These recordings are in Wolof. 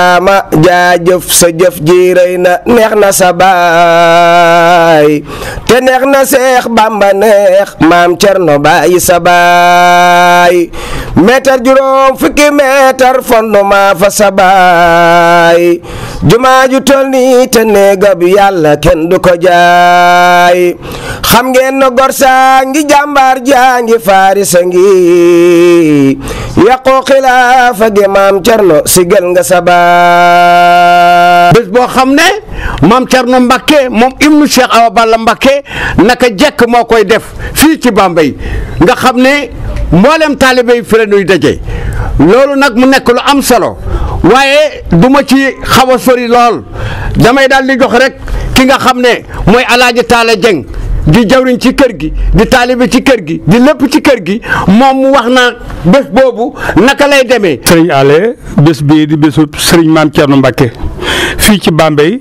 ma jaajëf sa jëf ji rëy na neex na sa baay te neex na seex bamba neex maam cerno bàyyi sa baay meetar juróom fukki meetar fondement fa sa baay ju tol ni te néegab yàlla kenn du ko jaay xam ngeen na gor ngi jàmbaar jaa ngi farisa ngi yàqoo xilaafa gi maam cerno sigel nga sa bés boo xam ne maam Thierno Mbacke moom ibnu Cheikh Awa Balla Mbacke naka jekk moo koy def fii ci Bambey nga xam ne mboolem taalibe yi fi la ñuy daje loolu nag mu nekk lu am solo waaye du ma ci xaw a sori lool damay daal di jox rek ki nga xam ne mooy Alaaji Taala Jeng di jawriñ ci kër gi di taalibe ci kër gi di lépp ci kër gi moom mu wax naa bés boobu naka lay demee. sëriñ Ale bés bii di bésu sëriñ maam Thierno Mbacke. fii ci Bambey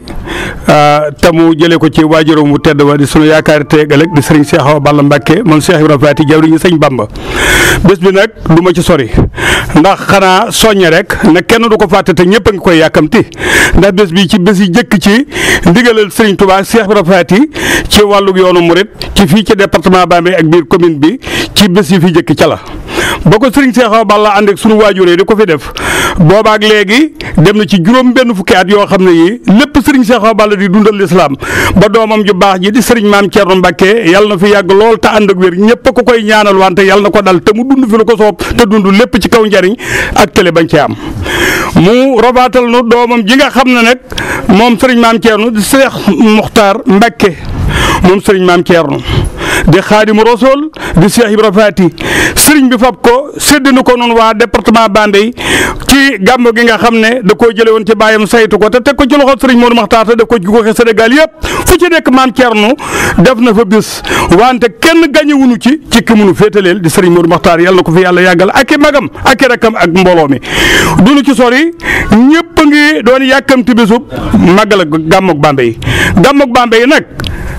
ah, te mu jëlee ko ci waajuram mu tedd wa di sunu yaakaar teeg ëllëg di sëriñ Cheikh Balla Mbacke moom Cheikh Ibrahima Faty jawriñu sëñ Bamba bés bi nag du ma ci sori ndax xanaa soññe rek na kenn du ko fàtte te ñëpp a ngi koy yàkkamti ndax bés bi ci bés yi jëkk ci ndigalal sëriñ Touba Cheikh Ibrahima Faty ci wàllu yoonu murit ci fii ci département Bambey ak biir commune bi ci bés yi fi jëkk ca la boo ko sëriñ Seexaw Balla ànd ak sunu waajur yi di ko fi def boobaak léegi dem na ci juróom benn fukki at yoo xam ne yi lépp sëriñ Seexaw Balla di dundal lislaam ba doomam ju baax ji di sëriñ maam Thierno Mbacke yàlla na fi yàgg lool te ànd ak wér ñëpp a koy ñaanal wante yàlla na ko dal te mu dund fi lu ko soob te dund lépp ci kaw njariñ ak télé bañ ci am mu robaatal nu doomam ji nga xam ne nag moom sëriñ maam Thierno di Seex Muxtaar Mbacke moom sëriñ maam Thierno di xaadimu rasool di Seex bi fab ko ko séddinu ko noonu waa département Bambey ci gàmmu gi nga xam ne da koo jële woon ci bàyyam saytu ko te teg ko ci loxo sëriñ Modou Makhtar te def ko jugoxe Sénégal yëpp fu ci nekk maam Thierno def na fa bis wante kenn gañewunu ci ci ki munu féetaleel di sëriñ Modou Makhtar yàlla na ko fi yàlla yàggal ak i magam ak i ak mbooloo mi dunu ci sori ñëpp ngi doon yàkkamti bisub màggal ak yi Bambey gàmmug yi nag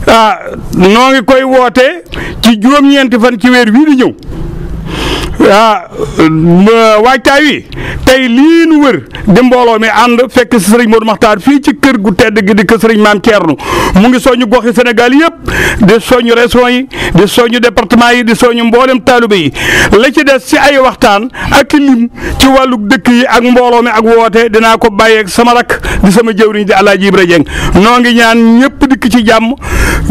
ah noo ngi koy woote ci juróom-ñeenti fan ci di ñëw ya wi tey lii nu wër di mbooloo mi ànd fekk si sëriñ Modou Makhtar fii ci kër gu tedd gi di kër sëriñ Maam Thierno mu ngi soñu goxi Sénégal yëpp di soñu région yi di soñu département yi di soñu mboolem taalibe yi la ci des si ay waxtaan ak lim ci wàllu dëkk yi ak mi ak ko sama rak di sama jëwriñ di Alaaji Ibra Jeng noo ngi ñaan jam dikk ci jàmm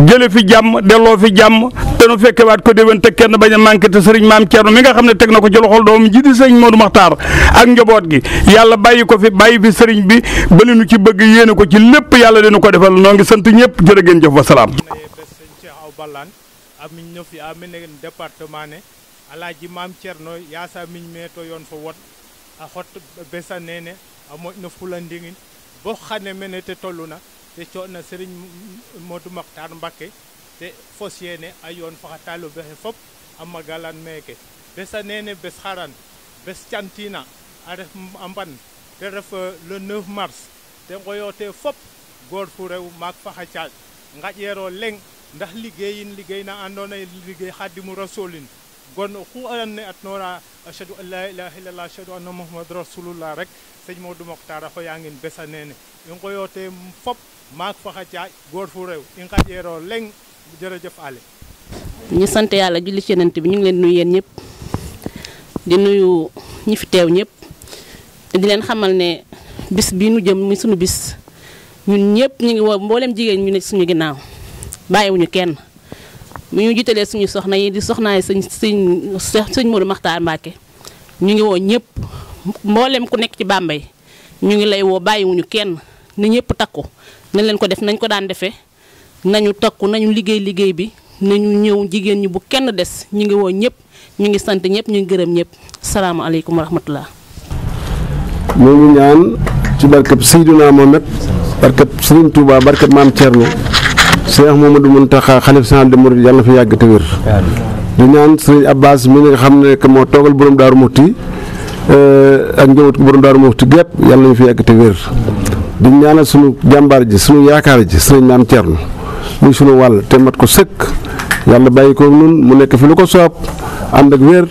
jële fi jàmm delo fi jàmm te nu fekkewaat ko déwén te kenn te Maam Thierno mi nga teg na ko ci loxol doom ji di sëriñ Modou Makhtar ak njaboot gi yàlla bàyyi ko fi bàyyi fi sëriñ bi ba li nu ci bëgg yéene ko ci lépp yàlla dina ko defal noo ngi sant ñëpp jërë ngeen jëf wa salaam. amin no fi amin en département ne alaji mam ceerno yasa min meeto yon fo wot a hot besa nene a moƴno fulandigin bo xane mene te tolluna te coɗna serigne modou maktar mbake te fos yene a yon fo xa taloɓexe fop a magalan meeke besa neene bes xaran bes cantina a ref a mban te ref le 9 mars te ngoyoote fop goor fu rew maak faxa caaƴ ngaƴeero leŋ ndax liggéeyin liggéey na andoona ye liggéey xadimu rasulin gon oxu andoona ye atnoora achadu an la ilaha illallah achadu anna mouhamadou rasulullah rek seigne modou moctar a xoyangin besa neene i ngoyoote fop maak faxa caaƴ goor fu rew i ngaƴeero leŋ jërëjëf ale ñu sant yàlla julli ci yenant bi ñu ngi leen nuyu yéen ñëpp di nuyu ñu fi teew ñëpp di leen xamal ne bis bii nu jëm muy suñu bis ñun ñëpp ñu ngi woo mboolem jigéen ñu ne suñu ginnaaw bàyyiwuñu kenn. mu ñu jiitalee suñu soxna di soxnaay sëñ sëñ sëñ Modou Makhtar Mbacke ñu ngi woo ñëpp mboolem ku nekk ci Bambey ñu ngi lay woo bàyyiwuñu kenn na ñëpp takku nañ leen ko def nañ ko daan defee nañu takku nañu liggéey liggéey bi nañu ñëw jigéen ñi bu kenn des ñu ngi woo ñëpp. ñu ngi sant ñep ñu ngi gërëm ñëpp salaamaaleykum wa rahmatullah ñu ngi ñaan ci barkab sayyiduna mohammed barkab serigne touba barkab mam thierno cheikh mamadou muntaha khalif sa de mourid yalla fi yag te wër ñu ñaan serigne abbas mi nga xamne ko mo togal borom daru mufti euh ak ñewut ko borom daru mufti gep yalla ñu fi yag te wër di ñaanal suñu jambar ji suñu yaakar ji serigne mam thierno muy suñu wal te mat ko sekk yàlla bàyyi ko nun mu nekk fi lu ko soob ànd ak wér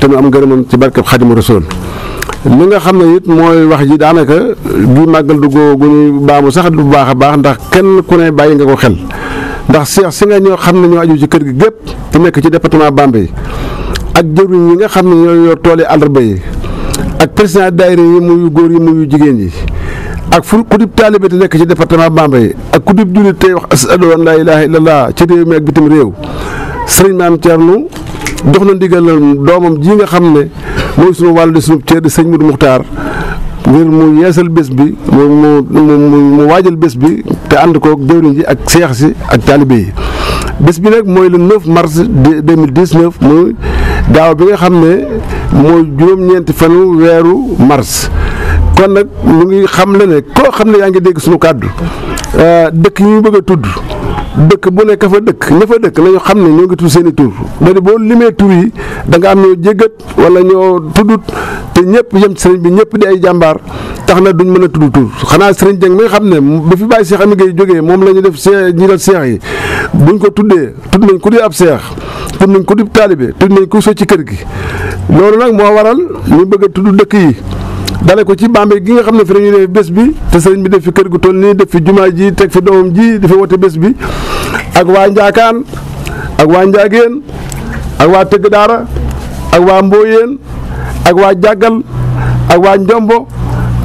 te mu am ngërëmam ci barkeb Xaadimu Rasuul li nga xam ne it mooy wax ji daanaka gi màggal du goo gunu baamu sax du baax a baax ndax kenn ku ne bàyyi nga ko xel ndax seex si nga ñoo xam ne ñoo aju ci kër gi gépp te nekk ci département Bambey ak jëwriñ yi nga xam ne ñoo yor tool yi àllarba yi ak président daayira yi muy góor yi muy jigéen yi ak fu ku dib taalibe nekk ci département Bambey ak ku dib jullit tey wax asadu an laa ilaaha illallah ci réew mi ak bitim réew sëriñ maam Thierno jox na ndigal doomam ji nga xam ne mooy sunu wàllu di sunu cër di sëñ Moudou Muxtaar ngir mu yeesal bés bi mu mu mu waajal bés bi te ànd koog jëwriñ ji ak seex si ak taalibe yi bés bi nag mooy le 9 mars 2019 muy daaw bi nga xam ne mooy juróom-ñeenti fanu weeru mars. kon nak ñu ngi xam la ne koo xam ne yaa ngi dégg suñu kàddu euh, dëkk yi ñu bëgg a tudd dëkk bu nekk fa dëkk ña fa dëkk nañu xam ne ñoo ngi tudd seen i tur da di boo limee tur yi da nga am ñoo jéggat wala ñoo tudd te ñëpp yem ci sëriñ bi ñëpp di ay jàmbaar tax na duñ mën a tudd tur xanaa sëriñ Dieng mi nga xam ne ba fi bàyyi Cheikh Amy Gueye jógee moom la ñu def see ñi def seex yi buñ ko tuddee tudd nañ ku di ab seex tudd nañ ku di taalibe tudd nañ ku so ci kër gi loolu nag moo waral ñu bëgg a tudd dëkk yi dale ko ci Bambey gi nga xam ne fi dañu ne bés bi te sëriñ bi def fi kër gu tol nii def fi jumaa ji teg fi doomam ji dafa wote bes bi ak waa Njaakaan ak waa Njaageen ak waa Tëgg Daara ak wa Mbooyeen ak waa Jàggal ak waa Njombo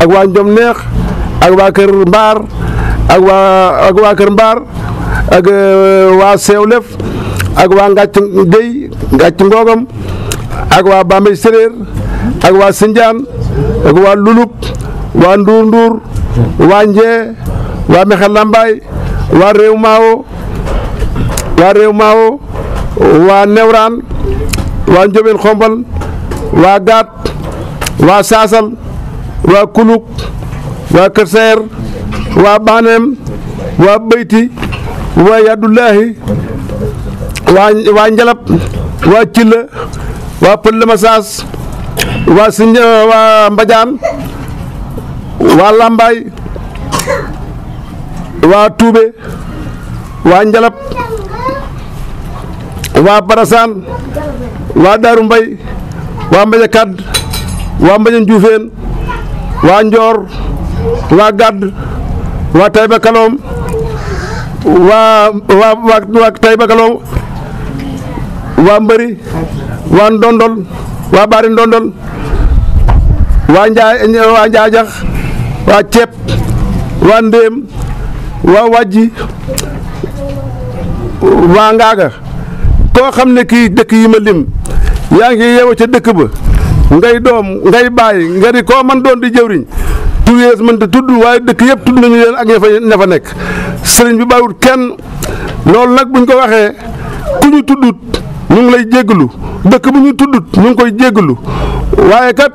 ak waa Njom Neex ak waa Kër Mbaar ak waa ak waa Kër Mbaar ak waa Seewlef ak waa Ngàcc Géy Ngàcc Ngoogam ak waa Bambey Séréer ak waa Sinjaan ak waa lulub waa nduur nduur waa njee waa mexe lambaay waa réew maawo waa réew maawo waa newraan waa njobeen xombal waa gaat waa saasal waa kuluk waa kër waa baaneem waa bëyti waa yaddullaahi waa waa njalab waa cilla waa pël masaas waa Sinja waa Mbadiane waa Lambaye waa Toubé waa Njalab waa Barasaan waa Daaru waa Mbaja waa Mbaja waa Njoor waa Gadd waa Tayba Kaloom waa waa waa Tayba waa Mbëri waa Ndondol waa Bari Ndondol waa Njaa waa Njaajax waa Ceeb waa Ndéem waa Wàjji waa Ngaaga koo xam ne kii dëkk yi ma lim yaa ngi yeewu ca dëkk ba ngay doom ngay nga ngari koo man doon di jëwriñ tur yees mënta tudd waaye dëkk yëpp tudd nañu leen ak ña fa nekk sëriñ bi bàyyiwut kenn loolu nag buñ ko waxee ku ñu tuddut ñu ngi lay jéggalu dëkk bu ñu tuddut mu ngi koy jéggalu waaye kat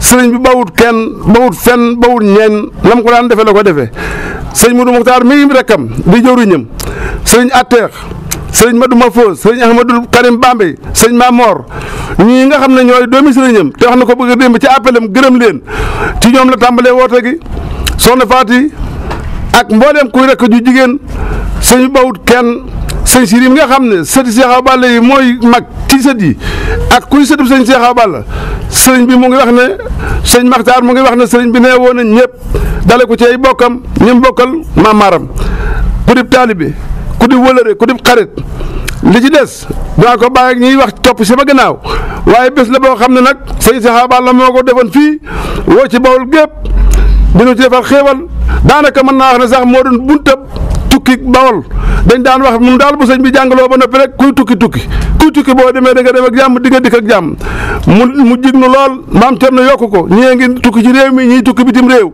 sëriñ bi bawut kenn bawut fenn bawut ñeen lam ko daan defe la ko defee sëriñ Modou Mokhtar mi ngi rekkam di jëwriñam sëriñ Atteex sëriñ Madou Mafos sëriñ Ahmadou Karim Bambey sëriñ moor ñii nga xam ne ñooy doomi sëriñam te wax na ko bëgg a démb ci appelam gërëm leen ci ñoom la tàmbalee woote gi soxna Faati ak mbooleem kuy rekk ju jigéen sëriñ bi bawut kenn sëñ Sirim nga xam ne sëti Seex Awa mooy mag ci sët yi ak kuy sëtub sëñ Seex Awa Balla bi mu ngi wax ne sëñ Maxtaar mu ngi wax ne sëriñ bi nee woon nañ ñëpp dale ko ci ay bokkam ñim bokkal maamaaram ku dib taalibe ku dib wëlëre ku dib xarit li ci des daa ko bàyyi ak ñuy wax topp si ba gannaaw waaye bés la boo xam ne nag sëñ Seex Awa Balla moo ko defoon fii woo ci bawul gépp dinu ci defal xéewal daanaka mën naa wax ne sax moo doon buntab tukki bawol dañ daan wax mun daal bu sëñ bi jàngaloo ba noppi rek kuy tukki tukki kuy tukki boo demee da nga dem ak jàmm di nga dikk ak jàmm mu mu jig nu lool maam Thierno yokk ko ñii ngi tukki ci réew mi ñii tukki bitim réew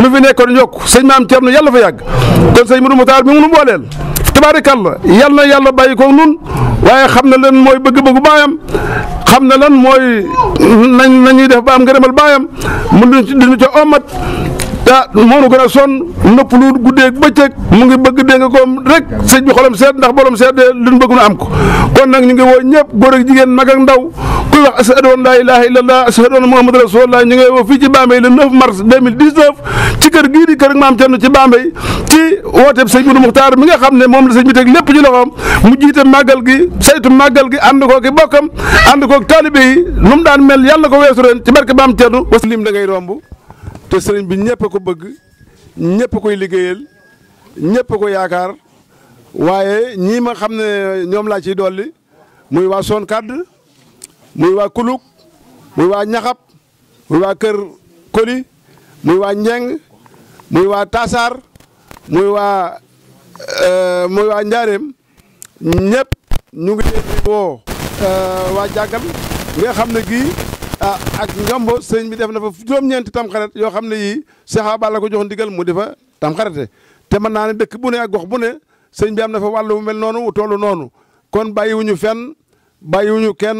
lu fi nekkoon yokku sëñ maam Thierno yàlla fa yàgg kon sëñ Modou Moukhtar mi mu booleel tabaarakalla yal na yàlla bàyyi ko nun waaye xam na lan mooy bëgg-bëggu baayam xam na lan mooy nañ nañuy def ba am ngërëmal baayam mu duñ ci duñ ca omat da moonu gën a sonn nëpp lu guddeeg bëccëg mu ngi bëgg dégg nga koom rek sëñ bi xolam seet ndax borom seet de luñ bëgg nu am ko kon nag ñu ngi woo ñëpp góor ak jigéen mag ak ndaw kuy wax ashadu an laa ilaaha illallah ashadu anna muhammadan rasulullah ñu ngi woo fii ci Bambey kër gii kër maam Thierno ci Bambey ci wooteeb sëñ Modou Muxtaar mi nga xam ne moom la sëñ bi teg lépp ci loxoom mu jiite màggal gi saytu màggal gi ànd ko ki bokkam ànd ko taalibe yi nu mu daan mel yàlla ko weesu ren ci barke maam Thierno ngay romb te sëriñ bi ñëpp a ko bëgg ñëpp koy liggéeyal ñëpp ko yaakaar waaye ñii ma xam ne ñoom laa ciy dolli muy waa Son muy waa Kuluk muy waa Ñaxab muy waa Kër Koli muy waa Njeng muy waa Tasaar muy waa euh, muy waa Njaareem ñëpp ñu ngi leen di woo euh, waa jàggan nga xam ne gii ah ak njomb sëñ bi def na fa juróom-ñeenti tamxarit yoo xam ne yii saxaaba la ko jox ndigal mu di fa tamxarite te mën naa ne dëkk bu ne ak gox bu ne sëñ bi am na fa wàllu bu mel noonu wu toll noonu kon bàyyiwuñu fenn bàyyiwuñu kenn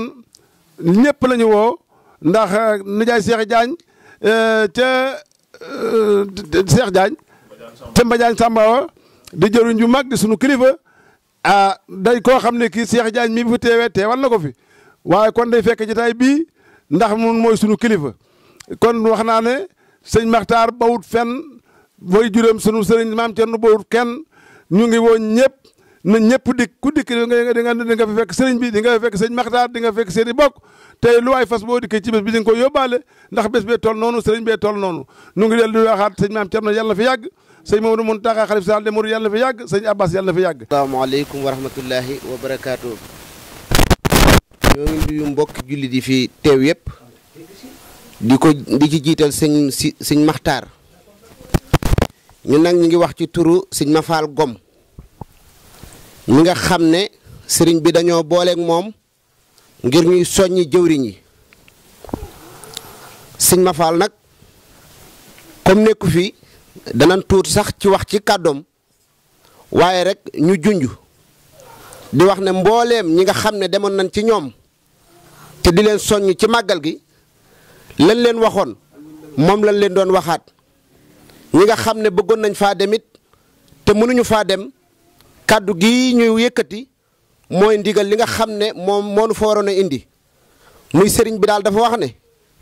ñëpp la ñu woo ndax eh, nijaay Cheikh Diagne ca eh, eh, Cheikh Diagne ca Mbadiagne Sambawa di jëriñ ju mag di sunu kilifa ah day koo xam ne kii Cheikh Diagne mi bu fi teewee teewal na ko fi waaye kon day fekk jotaay bii ndax mun moy sunu kilifa kon waxna ne sëñ maktar bawut fen boy juróom sunu sëriñ maam Cerno bawut ken ñu ngi woon ñëpp na ñëpp dikk ku dik di nga nga nga fekk sëriñ bi di nga fekk sëñ maktar di nga fekk seeni bok tay tey lu waay fas bo dik ci bés bi di ko yobale ndax bés be tol nonu sëriñ be tol nonu ñu ngi del di waxaat sëñ maam Cerno yàlla na fi yàgg sëñ Maodo Mountakha khalif sal de mur yàlla fi yag sëñ Abbas yàlla fi yag assalamu alaykum wa rahmatullahi wa barakatuh ñoo ngi nuyu mbokki jullit yi fi teew yépp di ko di ci jiital sëñ si sëñ maxtaar ñu nag ñu ngi wax ci turu sëñ mafaal gom mi nga xam ne sëriñ bi dañoo booleek moom ngir ñuy soññ jëwriñ yi sëñ mafaal nag comme nekku fi danañ tuut sax ci wax ci kàddoom waaye rek ñu junj di wax ne mbooleem ñi nga xam ne demoon nañ ci ñoom te di leen soññ ci màggal gi lañ leen waxoon moom lañ leen doon waxaat li nga xam ne bëggoon nañ faa demit te mënuñu faa dem kàddu gi ñuy yëkkati mooy ndigal li nga xam ne moom moo nu fa waroon a indi muy sëriñ bi daal dafa wax ne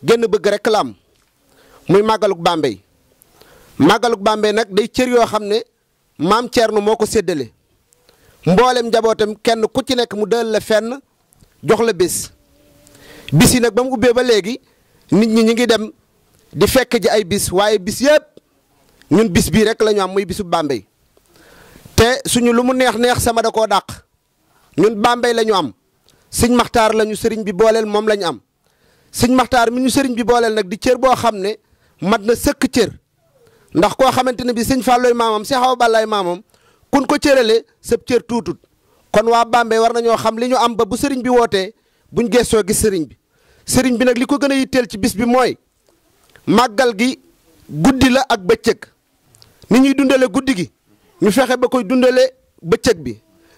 genn bëgg rek la muy màggalug Bambey màggalug Bambey nag day cër yoo xam ne maam na moo ko séddale mboolem njabootam kenn ku ci nekk mu dël la fenn jox la bés bis yi nag ba mu ubbee ba léegi nit ñi ñu ngi dem di fekk ji ay bis waaye bis yëpp ñun bis bii rek lañu am muy bisu Bambey te suñu lu mu neex neex sama da koo dàq ñun Bambey lañu am sëñ maxtaar lañu ñu sëriñ bi booleel moom lañu am sëñ maxtaar mi ñu sëriñ bi booleel nag di cër boo xam ne mat na sëkk cër ndax koo xamante ne bi sëñ fàllooy maamam si xaw bàllaay maamam kun ko cërale sëb cër tuutut kon waa Bambey war na ñoo xam li ñu am ba bu sëriñ bi wootee buñ geesoo gis sëriñ bi sëriñ bi nag li ko gën a yitteel ci bis bi mooy màggal gi guddi la ak bëccëg ni ñuy dundale guddi gi ñu fexe ba koy dundale bëccëg bi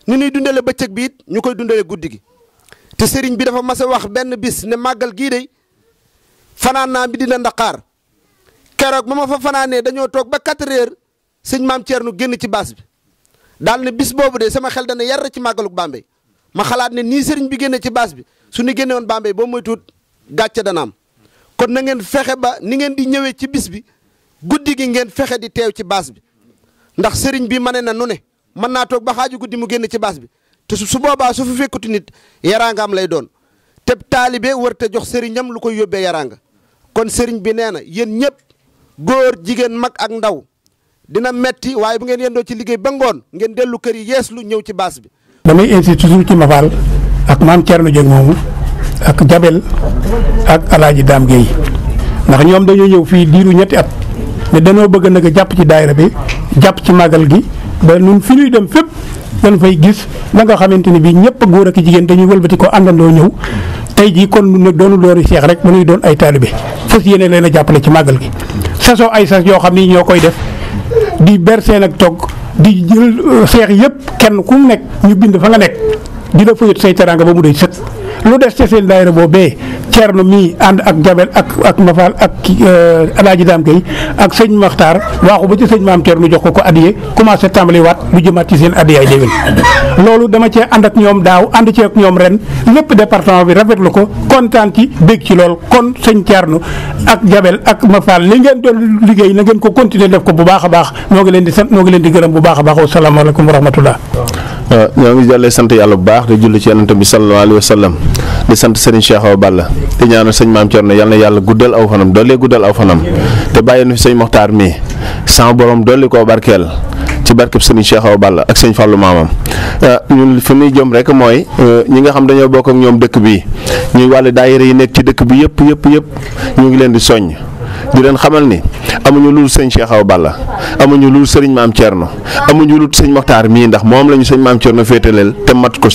ni ñuy dundale bëccëg bi it ñu koy dundale guddi gi te sëriñ bi dafa mas a wax benn bis ne màggal gii de fanaan naa bi dina Ndakaar keroog ma ma fa fanaanee dañoo toog ba 4 heures sëñ maam Thierno génn ci baas bi daal ne bis boobu de sama xel dana yar ci màggalu Bambey ma xalaat ne nii sëriñ bi génne ci baas bi su ni génne woon Bambey boo moytuwut gàcce dana am kon na ngeen fexe ba ni ngeen di ñëwee ci bis bi guddi gi ngeen fexe di teew ci baas bi ndax sëriñ bi mane na nu ne mën naa toog ba xaaju guddi mu génn ci baas bi te su boobaa su fi fekkuti nit yaraangaam lay doon te taalibe war te jox sëriñam lu koy yóbbee yaraanga kon sëriñ bi nee na yéen ñëpp góor jigeen mag ak ndaw dina metti waaye bu ngeen yendoo ci liggéey ba ngoon dellu kër yi yeeslu ñëw ci baas bi damay insister toujours ci Mafal ak maam Thierno jeg moomu ak Jabel ak Alaaji Daam Guèye ndax ñoom dañoo ñëw fii diiru ñetti at ne dañoo bëgg nag jàpp ci daayira bi jàpp ci màggal gi ba ñun fi ñuy dem fépp dañ fay gis da nga xamante ni bii ñëpp góor ak jigéen dañuy wëlbati ko àndandoo ñëw tey jii kon nag doonu doori seex rek mënuy doon ay taalibe bi yéene leen a jàppale ci màggal gi sasoo ay yoo xam ni ñoo koy def di berse nag togg di jël euh, xeex yëpp kenn ku mu nekk ñu bind fa nga nekk dina la fayut say teraanga ba mu doy sët lu des ca seen boo boobee cerno mi and ak Jabel ak ak Mafal ak eh, alaji dam Gay ak sëñ makhtar waxu ba ci sëñ mam cerno jox ko ko adiyee commencé tàmbali wat bu jëmaat ci seen adiyaay déwén loolu dama ci and ak ñom daw and ci ak ñom ren lepp département bi rafet lako kontaan ci bekk ci lol kon sëñ cerno ak Jabel ak Mafal li ngeen do liggey na ngeen ko continuer def ko bu baaxa baax noo ngi leen di sant noo ngi leen di gëreem bu baax assalamu alaykum wa rahmatullah ñoo ngi jalle sant yalla bu baax di julli ci yenen tabi sallallahu alayhi wasallam di sant Serigne Cheikh Awa Balla te ñaanal sëñ maam Thierno yal na yàlla guddal aw fanam doole guddal aw fanam te bàyyi na fi sëñ Moxtaar mii sama borom dolli koo barkeel ci barkeb sëñ Cheikh Awa Balla ak sëñ Fallou maamam euh, ñun fu jëm rek mooy euh, ñi nga xam dañoo bokk ak ñoom dëkk bi ñuy wàllu daayira yi nekk ci dëkk bi yëpp yëpp yëpp ñu ngi leen di soññ. di len xamal ni amuñu lul sëñ Cheikh aw Balla amuñu lul sëriñ maam tierno amuñu lul sëñ Mokhtar mi ndax mom lañu sëñ maam tierno fetelel te mat ko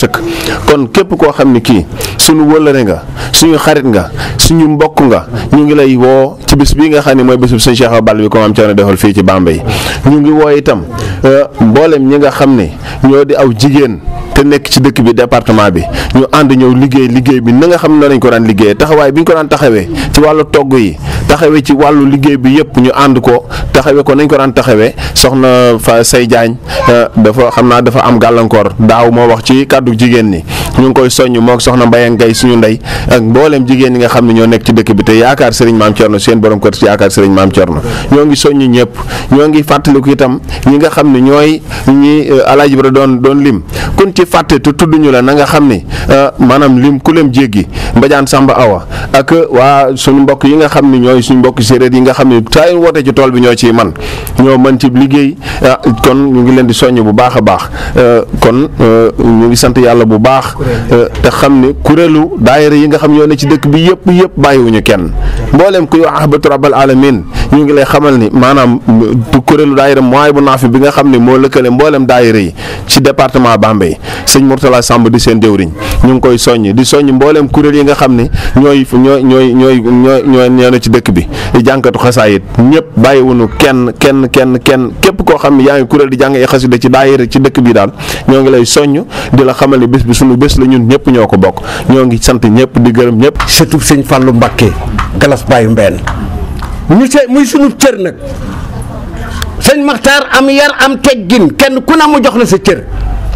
kon kep ko xamni ki suñu wëllëre nga suñu xarit nga suñu mbokk nga ñu ngi lay wo ci bis bi nga xam moy bisub bésub Cheikh aw Balla bi ko maam tierno defal fi ci bambay ñu ngi wo itam euh, mboolem ñi nga xamni ne ñoo di aw jigen te nek ci dëkk bi département bi ñu and ñew liggéey liggéey bi na nga xam lañ ko daan liggéeyee taxaway biñ ko daan taxawé ci walu togg yi taxawé ci ci walu liggey bi yépp ñu and ko taxawé ko nañ ko daan taxawé soxna fa say jañ eh, dafa xamna dafa am galankor daaw mo wax ci kaddu jigen ni ñu ngi koy soñu mok soxna mbayen gay suñu nday ak mbolem jigen ni nga xamni ño nek ci dëkk bi te yaakar serigne mam ciorno seen borom ko ci yaakar serigne mam ciorno ño ngi soñu ñepp ño ngi ko itam ñi nga xamni ñoy ñi eh, alaaji bra doon doon lim kun ci fatte tu tuddu ñu la nga xamni eh, manam lim kulem jéggi mbajaan samba awa ak wa suñu mbokk yi nga xamni ñoy suñu mbokk mbokk séeréer yi nga xam ne saa yu ci tool bi ñoo ciy man ñoo mën ci liggéey ah kon ñu ngi leen di soññ bu baax a baax euh, kon euh, ñu ngi sant yàlla bu baax euh, te xam ne kuréelu daayira yi nga xam ñoo ne ci dëkk bi yëpp yëpp bàyyiwuñu kenn mbooleem kuy wax ahbatu rabbal alamin ñu ngi lay xamal ni maanaam kuréelu daayira mooy bu naafi bi nga xam ne moo lëkkale mbooleem daayira yi ci département Bambey sëñ Mourtala Samb di seen déwriñ ñu ngi koy soññ di soññ mbooleem kuréel yi nga xam ne ñooy ñooy ñooy ñooy ñooy ñoo na ci dëkk bi di jànkatu xasaayit ñëpp bàyyiwunu kenn kenn kenn kenn képp koo xam ne yaa ngi kuréel di jàng ay xasida ci daayira ci dëkk bi daal ñoo ngi lay soññ di la xamal ni bés bi sunu bés la ñun ñëpp ñoo ko bokk ñoo ngi sant ñëpp di gërëm ñëpp sëtub sëñ Fàllu Mbàkke galas bàyyu mbeen ñu se muy sunu cër nag sëñ Maxtaar am yar am gin kenn ku ne mu jox la sa cër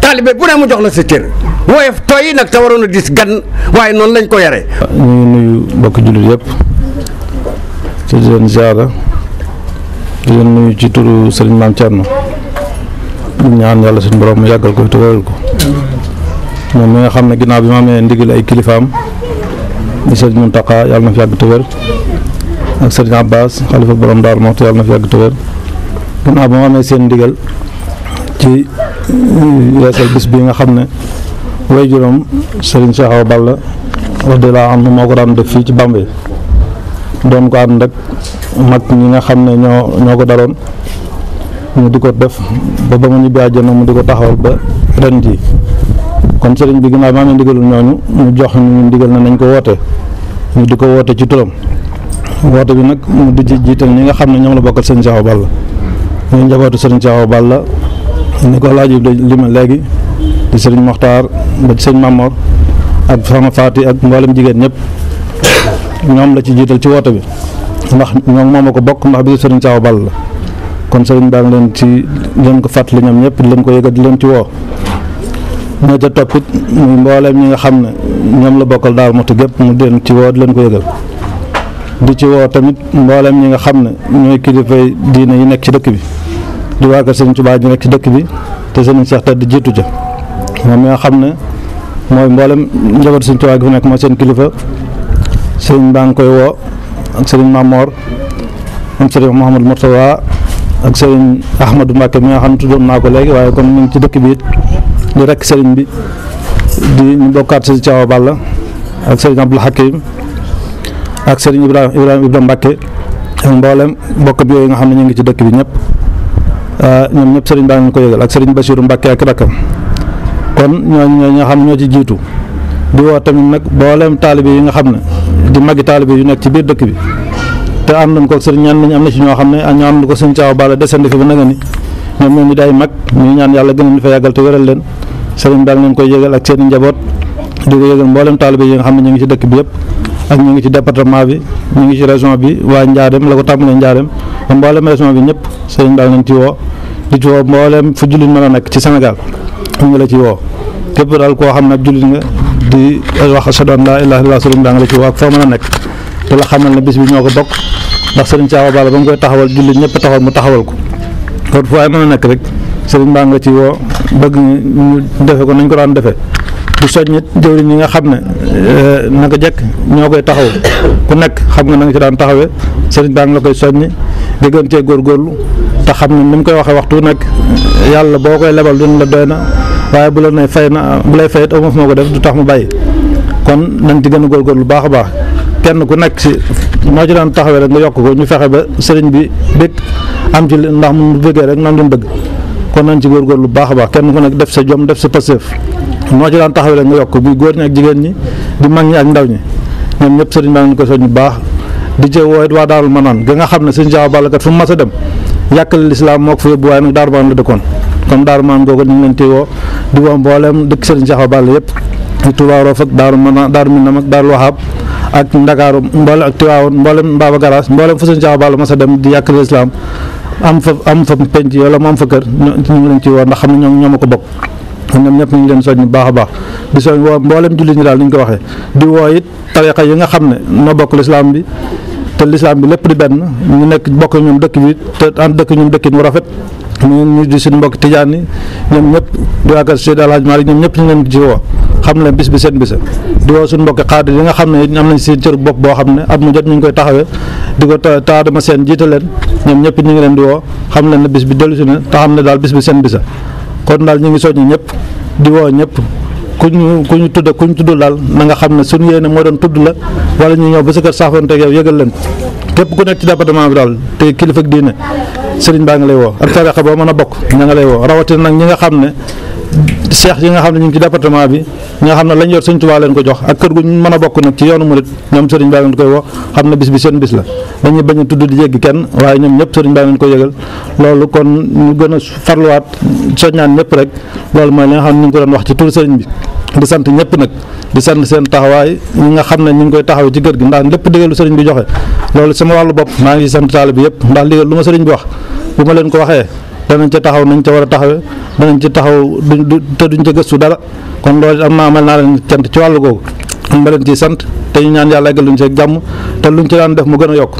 taalibe bu ne mu jox la sa cër woyof tooy nag te waroon a dis gan waaye noonu lañ ko yare ñu ngi nuyu mbokki jullit yëpp ci di leen ziara di leen nuyu ci turu sëriñ Maam Thierno ñu ñaan yàlla suñu borom mu yàggal ko te wéral ko moom mi nga xam ne ginnaaw bi ma amee ndigal ay kilifaam di sëriñ Mountakha yàlla na fi yàgg te ak sëriñ Abbas xalifa borom Daaru Muxti yàlla na fi yàgg tëwër gannaaw ba ma amee seen ndigal ci eh, yeesal bis bi nga xam ne way juróom sëriñ Cheikh Awa Balla radiyallaahu anhu moo ko daan def fii ci Bambey doon ko ànd ak mag ñi nga xam ne ñoo ñoo ko daroon mu di ko def ba ba mu ñibbi àjjana mu di ko taxawal ba ren jii kon sëriñ bi ginnaaw ba amee ndigalul ñooñu mu jox ñu ndigal na nañ ko woote ñu di ko woote ci turam woote bi nag di ci jiital ñi nga xamne ñom la bokal sëñ jaw Balla ñuy jabatu sëriñ jaw Balla ni ko laaju lima legi di sëriñ Moxtaar ba ci sëñ Mamor ak sama fati ak mbolam jigen ñep ñom la ci jital ci woote bi ndax ñom momako bok ndax bi sëriñ jaw Balla kon sëriñ dal leen ci leen ko fàttali ñom ñep leen ko yegal di leen ci wo mo ca toppit mbolam ñi nga xamne ñom la bokal dal mu tu gep mu den ci wo di leen ko yegal di ci woo tamit mboolem ñi nga xam ne ñooy kilifay diine yi nekk ci dëkk bi di waa kër Sëriñ Tuubaa ñu nekk ci dëkk bi te Sëriñ Seex di jiitu ja moom mi nga xam ne mooy mboolem njaboot Sëriñ Tuubaa gi fi nekk mooy seen kilifa sëriñ baa ngi koy woo ak Mamor am sëriñ Mouhamadou Mourtawa ak sëriñ Ahmadou Mbacke mi nga xam ne tuddoon naa ko léegi waaye comme ñu ngi ci dëkk bi di rekk sëriñ bi di ñu bokkaat si Thiaw Balla ak sëriñ Abdou Hakim ak serigne ibrahim ibrahim ibrahim mbacke ak mbollem mbokk bi yo nga xamne ñu ngi ci dëkk bi ñëpp ah, ñom ñëpp serigne baa ko yegal ak serigne bashirou mbacke ak rakam kon ñoo ñoo nga xam ñoo ci jitu di wo tamit nak mbollem talibé yi nga xamne di magi talibé yu nekk ci biir dëkk bi te nañ ko serigne ñaan nañ amna ci ñoo xamne ak ñaan ko serigne tiaw bala desand fi ba nga ni ñom ñoo ñu day mag ñu ñaan yalla gënal ñu fa yagal te wëral leen serigne dal nañ koy yegal ak seen njabot di ko yegal mbollem talibé yi nga xamne ñu ngi ci dëkk bi yëpp ak ñu ngi ci département bi ñu ngi ci région bi waa Ndiarème la ko tàmbalee Ndiarème ba mboolem région bi ñëpp sëriñ daal nañ ci woo di ci woo mboolem fu jullit mën a nekk ci Sénégal ñu ngi la ci woo képp daal koo xam ne ab jullit nga di wax ashhadu an laa ilaaha illallaah sëriñ daa nga la ci woo ak foo mën a nekk te la xamal na bis bi ñoo ko bokk ndax sëriñ Thiaw Balla ba mu koy taxawal jullit ñëpp taxawal mu taxawal ko kon fu waay mën a nekk rek sëriñ baa nga ci woo bëgg ñu defe ko nañ ko daan defee di soññit jëwriñ li nga xam ne euh, naka jekk ñoo koy taxaw ku nekk xam nga na nga ci daan taxawee sëriñ baa ngi la koy soññ di góor cee te xam ne ni mu koy waxee waxtu nekk yàlla boo koy lebal duñ la doy na waaye bu la nay fay na bu lay fayit amuf moo ko def du tax mu bàyyi kon nañ ci gën góor góorgóorlu baax a baax kenn ku nekk si ci daan taxawee rek nga yokk ko ñu fexe ba sëriñ bi bëgg ci ndax mu bëggee rek nan duñ bëgg kon nañ ci góorgóorlu baax a baax kenn ku nekk def sa jom def sa passeef mo ci daan taxawale nga yok bu goor ñi ak jigen ñi di mag ñi ak ndaw ñi ñom ñep serigne baa ngi ko soñu baax di ca woy wa daarul manan ga nga xamne serigne sëñ jaaw kat fu ma sa dem yakal l'islam moo ko fa yóbbu waaye nag daru baan la dëkkoon kon daaru maan gogo ñu leen wo di wo mbooleem dekk serigne jaaw bàll yep di tuubaa roof ak daaru manaan daaru min ak daarul wahab ak ndakaaru mbol ak tiwaawoon mboolem baba garaas mboolem fu serigne jaaw bàll ma sa dem di yakal l'islam am fa am fa penc wala mo am fa keur ñu leen ci wo ndax xam ñom ñoom ko ñom ñep ñu leen soñu baax baax di soñ woo mboolem jullit ñi ñu ko waxe di woo tariqa yi nga xam no noo bokk lislaam bi te l'islam bi lepp di ben ñu nekk bokk ñom dëkk bi te am dëkk ñom dëkkin wu rafet ñu ñu di sin mbokk tidiane ñom ñep di waa kër Seyd Alhaaj Maalik ñoom ñëpp ñu leen ci wo xam bis bi seen bis di wo suñ mbokk qadir yi nga xam ñam am nañ seen cër bopp bo xam am ñu jot ñu koy taxawé di ko taadama seen jitalen ñom ñep ñu ngi leen di wo xam na ne bis bi dellusi na te xam dal bis bi seen bis kon daal ñu ngi soññi ñëpp di woo ñëpp ku ñu ku ñu tudd ku ñu tudd daal na nga xam ne suñu yéene moo doon tudd la wala ñu ñëw ba sa kër saafoonteeg yow yëgal leen képp ku nekk ci département bi daal te kilifa ak diine sëriñ baa ngi lay woo ak tarixa boo mën a bokk ña ngi lay woo rawatin nag ñi nga xam ne cheikh yi nga xamne ñu ci département bi nga xamne lañ yor seigne touba leen ko jox ak keur gu mën a bokk nak ci yoonu mourid ñom sëriñ baa leen koy wax xamne bis bi seen bis la dañuy bañ tuddu di yegg kenn waye ñom ñep sëriñ baa leen koy yëgal loolu kon ñu gëna farlu wat soñaan ñep rek loolu ma nga xamne ñu ko doon wax ci tour sëriñ bi di sant ñep nak di sant seen taxaway ñi nga xamne ñu koy taxaw ci kër gi ndax lepp digalu sëriñ bi joxe loolu sama walu bop ma ngi sant taalibe bi yëpp ndax digal lu ma sëriñ bi wax bu ma leen ko waxe nañ ca taxaw nañ ca war a taxawee danañ ca taxaw duñ te duñ ca gëstu dara kon loolu am naa amal naa leen cant ci wàllu googu am ba leen ciy sant te ñu ñaan yàlla eggal luñ see jàmm te luñ ci daan def mu gën a yokk.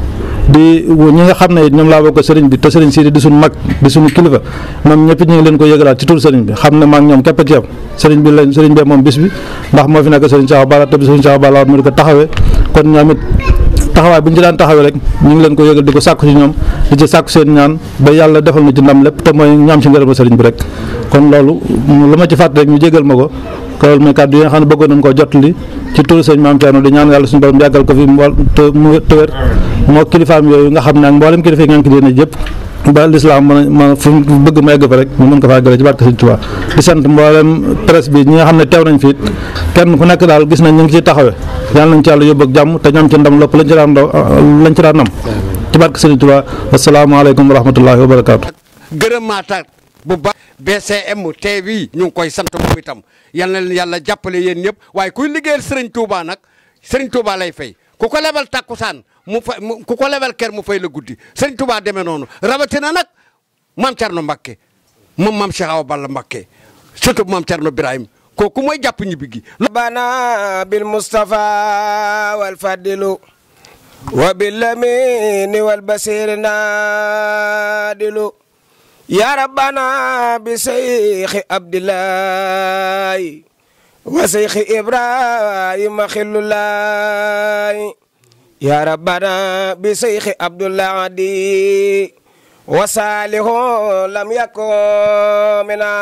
di ñi nga xam ne it ñoom laa bokk sëriñ bi te sëriñ Sidi di suñu mag di suñu kilifa ñoom ñëpp ñu ngi leen ko yëgalaat ci tur sëriñ bi xam ne maa ngi ñoom képp ci yam sëriñ bi lañ sëriñ bee moom bis bi ndax moo fi nekk sëriñ Cheikh Bara te bi sëriñ ko taxawee kon ñoom taxawaay bu ñu ci daan taxawee rek ñu ngi leen ko yëgal di ko sàkku ci ñoom di ci sàkku seen ñaan ba yàlla defal na ci ndam lépp te mooy ñaam ci ngërëma sëriñ bi rek kon loolu lu ma ci fàtt rek ñu ma ko loolu mooy xam ne bëggoon nañ koo jottali ci turu sëñ maam Thierno di ñaan yàlla suñu borom yàggal ko fi mu wàll te mu wér moo kilifaam yooyu nga xam ne ak mboolem kilifa yi nga xam ne yëpp ba lislaam mën a mën a fu bëgg mu egg fa rek mu mën ko faa gële ci barke Sëñ Tuubaa di sant mboolem presse bi ñi xam ne teew nañ fi kenn ku nekk daal gis nañ ñu ngi ciy taxawe yàlla nañ ci yàlla yóbbu ak jàmm te ñoom ci ndam lopp lañ ci daan uh, lañ ci daan nam ci barke Sëñ Tuubaa asalaamaaleykum wa rahmatullahi wa barakaatu. gërëmaataat bu baax BCM TV ñu ngi koy sant moom itam yal na yàlla jàppale yéen ñëpp waaye kuy liggéeyal Sëriñ Tuubaa nag Sëriñ Tuubaa lay fay ku ko lebal takkusaan mu fay ku ko lebal ker mu fay la guddi sëñ Touba demee noonu rawatina nag maam Thierno Mbakke moom maam Cheikh Balla Mbakke surtout maam Thierno Birahim kooku mooy jàpp ñibbi gi. bana bil Mustafa wal Fadilu wa bil Lamini wal Basiri naadilu ya rabbana bi Seyxi Abdillahi wa Seyxi Ibrahima xillulaay yaa rabbana bi seyxi abdullah adi wasaalihu lam yakko mina